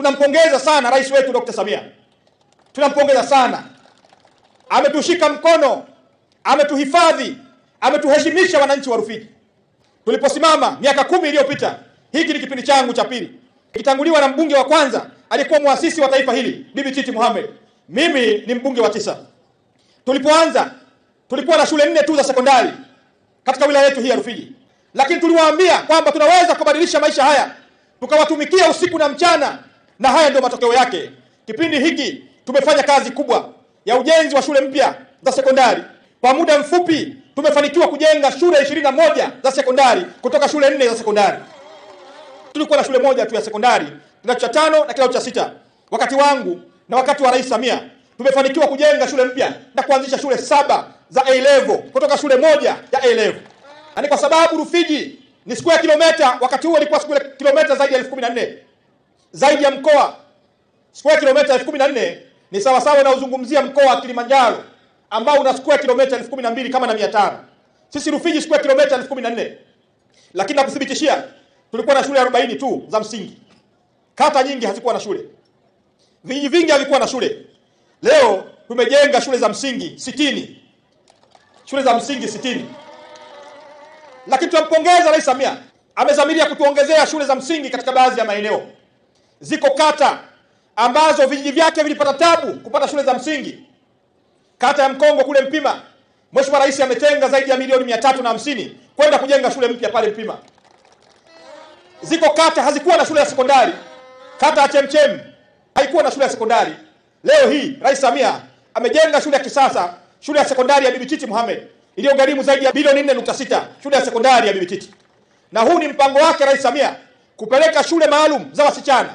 tunampongeza sana rais wetu Dr. Samia, tunampongeza sana, ametushika mkono, ametuhifadhi, ametuheshimisha wananchi wa Rufiji. Tuliposimama miaka kumi iliyopita, hiki ni kipindi changu cha pili, ikitanguliwa na mbunge wa kwanza aliyekuwa mwasisi wa taifa hili Bibi Titi Mohamed. Mimi ni mbunge wa tisa. Tulipoanza tulikuwa na shule nne tu za sekondari katika wilaya yetu hii ya Rufiji, lakini tuliwaambia kwamba tunaweza kubadilisha maisha haya, tukawatumikia usiku na mchana na haya ndio matokeo yake. Kipindi hiki tumefanya kazi kubwa ya ujenzi wa shule mpya za sekondari. Kwa muda mfupi tumefanikiwa kujenga shule ishirini na moja za sekondari kutoka shule nne za sekondari. Tulikuwa na shule moja tu ya sekondari, kidato cha tano na kidato cha sita. Wakati wangu na wakati wa Rais Samia tumefanikiwa kujenga shule mpya na kuanzisha shule saba za A level kutoka shule moja ya A level. Na ni kwa sababu Rufiji ni siku ya kilomita, wakati huo ilikuwa siku ya kilomita zaidi ya elfu kumi na nne zaidi ya mkoa. Square kilomita elfu kumi na nne ni sawasawa na uzungumzia mkoa wa Kilimanjaro ambao una square kilomita elfu kumi na mbili kama na mia tano. Sisi Rufiji square kilomita elfu kumi na nne lakini nakuthibitishia tulikuwa na shule 40 tu za msingi. Kata nyingi hazikuwa na shule, vijiji vingi havikuwa na shule. Leo tumejenga shule za msingi sitini, shule za msingi sitini. Lakini tunampongeza Rais Samia, amezamiria kutuongezea shule za msingi katika baadhi ya maeneo. Ziko kata ambazo vijiji vyake vilipata tabu kupata shule za msingi. Kata ya Mkongo kule Mpima, Mheshimiwa Rais ametenga zaidi ya milioni mia tatu na hamsini kwenda kujenga shule mpya pale Mpima. Ziko kata hazikuwa na shule ya sekondari, kata ya Chemchem haikuwa na shule ya sekondari. Leo hii Rais Samia amejenga shule ya kisasa, shule ya sekondari ya Bibi Titi Mohamed iliyogharimu zaidi ya bilioni 4.6, shule ya sekondari ya Bibi Titi. Na huu ni mpango wake Rais Samia kupeleka shule maalum za wasichana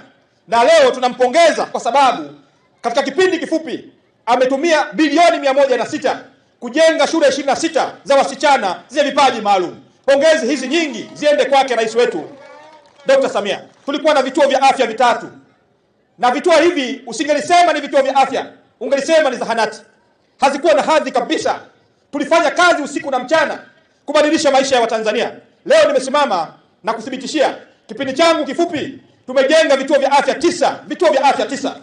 na leo tunampongeza kwa sababu katika kipindi kifupi ametumia bilioni mia moja na sita kujenga shule ishirini na sita za wasichana zenye vipaji maalum. Pongezi hizi nyingi ziende kwake rais wetu Dr. Samia. Tulikuwa na vituo vya afya vitatu, na vituo hivi usingelisema ni vituo vya afya, ungelisema ni zahanati. Hazikuwa na hadhi kabisa. Tulifanya kazi usiku na mchana kubadilisha maisha ya Watanzania. Leo nimesimama na kuthibitishia kipindi changu kifupi Tumejenga vituo vya afya tisa, vituo vya afya tisa,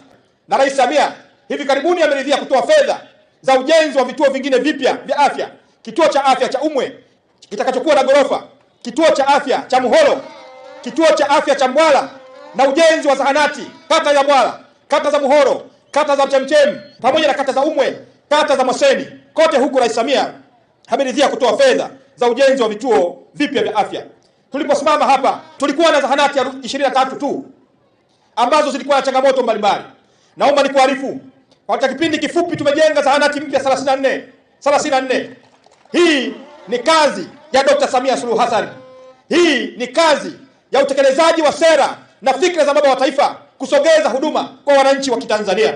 na Rais Samia hivi karibuni ameridhia kutoa fedha za ujenzi wa vituo vingine vipya vya afya, kituo cha afya cha Umwe kitakachokuwa na ghorofa, kituo cha afya cha Muholo, kituo cha afya cha Mbwala na ujenzi wa zahanati kata ya Mbwala, kata za Muhoro, kata za Mchemchem pamoja na kata za Umwe, kata za Maseni. Kote huku Rais Samia ameridhia kutoa fedha za ujenzi wa vituo vipya vya afya tuliposimama hapa tulikuwa na zahanati ya 23 tu ambazo zilikuwa na changamoto mbalimbali. Naomba nikuarifu katika kipindi kifupi tumejenga zahanati mpya 34 34. Hii ni kazi ya Dr. Samia Suluhu Hassan. Hii ni kazi ya utekelezaji wa sera na fikra za baba wa taifa kusogeza huduma kwa wananchi wa Kitanzania.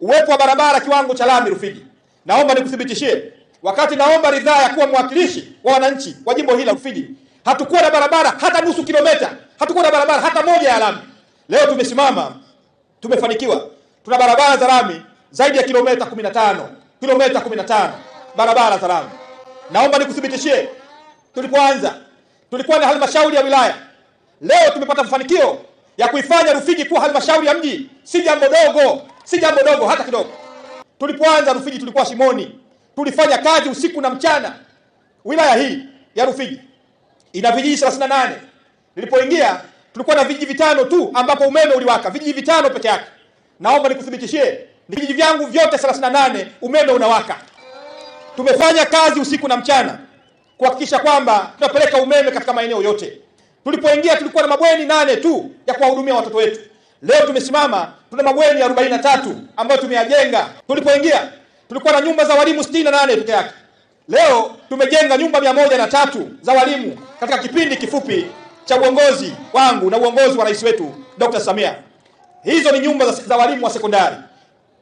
Uwepo wa barabara kiwango cha lami Rufiji, naomba nikuthibitishie, wakati naomba ridhaa ya kuwa mwakilishi wa wananchi wa jimbo hili la Rufiji Hatukuwa na barabara hata nusu kilometa, hatukuwa na barabara hata moja ya lami. Leo tumesimama, tumefanikiwa, tuna barabara za lami zaidi ya kilometa 15, kilometa 15 barabara za lami. Naomba nikuthibitishie, tulipoanza tulikuwa na halmashauri ya wilaya. Leo tumepata mafanikio ya kuifanya Rufiji kuwa halmashauri ya mji. Si jambo dogo, si jambo dogo hata kidogo. Tulipoanza Rufiji tulikuwa shimoni, tulifanya kazi usiku na mchana, wilaya hii ya Rufiji ina vijiji 38. Nilipoingia tulikuwa na vijiji vitano tu ambapo umeme uliwaka, vijiji vitano peke yake. Naomba nikuthibitishie, vijiji vyangu vyote 38 umeme unawaka. Tumefanya kazi usiku na mchana kuhakikisha kwamba tunapeleka umeme katika maeneo yote. Tulipoingia tulikuwa na mabweni nane tu ya kuwahudumia watoto wetu. Leo tumesimama tuna mabweni 43 ambayo tumeyajenga. Tulipoingia tulikuwa na nyumba za walimu 68 peke yake. Leo tumejenga nyumba mia moja na tatu za walimu katika kipindi kifupi cha uongozi wangu na uongozi wa rais wetu Dr. Samia. Hizo ni nyumba za, za walimu wa sekondari.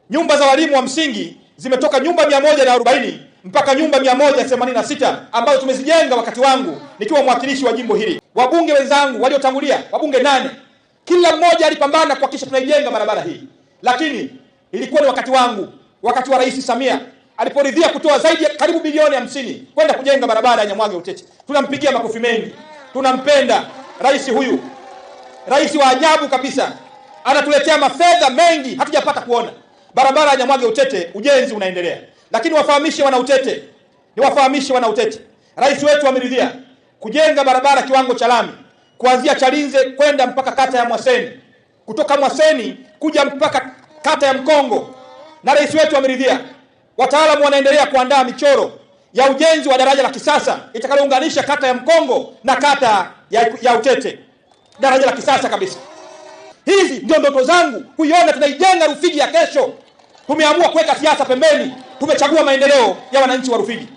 Nyumba za walimu wa msingi zimetoka nyumba 140 mpaka nyumba 186 ambazo tumezijenga wakati wangu nikiwa mwakilishi wa jimbo hili. Wabunge wenzangu waliotangulia, wabunge nane, kila mmoja alipambana kuhakikisha tunaijenga barabara hii, lakini ilikuwa ni wakati wangu, wakati wa Rais Samia aliporidhia kutoa zaidi ya karibu bilioni hamsini kwenda kujenga barabara ya Nyamwage Uteche. Tunampigia makofi mengi, tunampenda rais huyu, rais wa ajabu kabisa. Anatuletea mafedha mengi hatujapata kuona. Barabara ya Nyamwage Utete ujenzi unaendelea, lakini wafahamishe wana Utete, niwafahamishe wana Utete, rais wetu ameridhia kujenga barabara kiwango cha lami kuanzia Chalinze kwenda mpaka kata ya Mwaseni, kutoka Mwaseni kuja mpaka kata ya Mkongo, na rais wetu ameridhia Wataalamu wanaendelea kuandaa michoro ya ujenzi wa daraja la kisasa itakalounganisha kata ya Mkongo na kata ya, ya Utete, daraja la kisasa kabisa. Hizi ndio ndoto zangu, kuiona tunaijenga Rufiji ya kesho. Tumeamua kuweka siasa pembeni, tumechagua maendeleo ya wananchi wa Rufiji.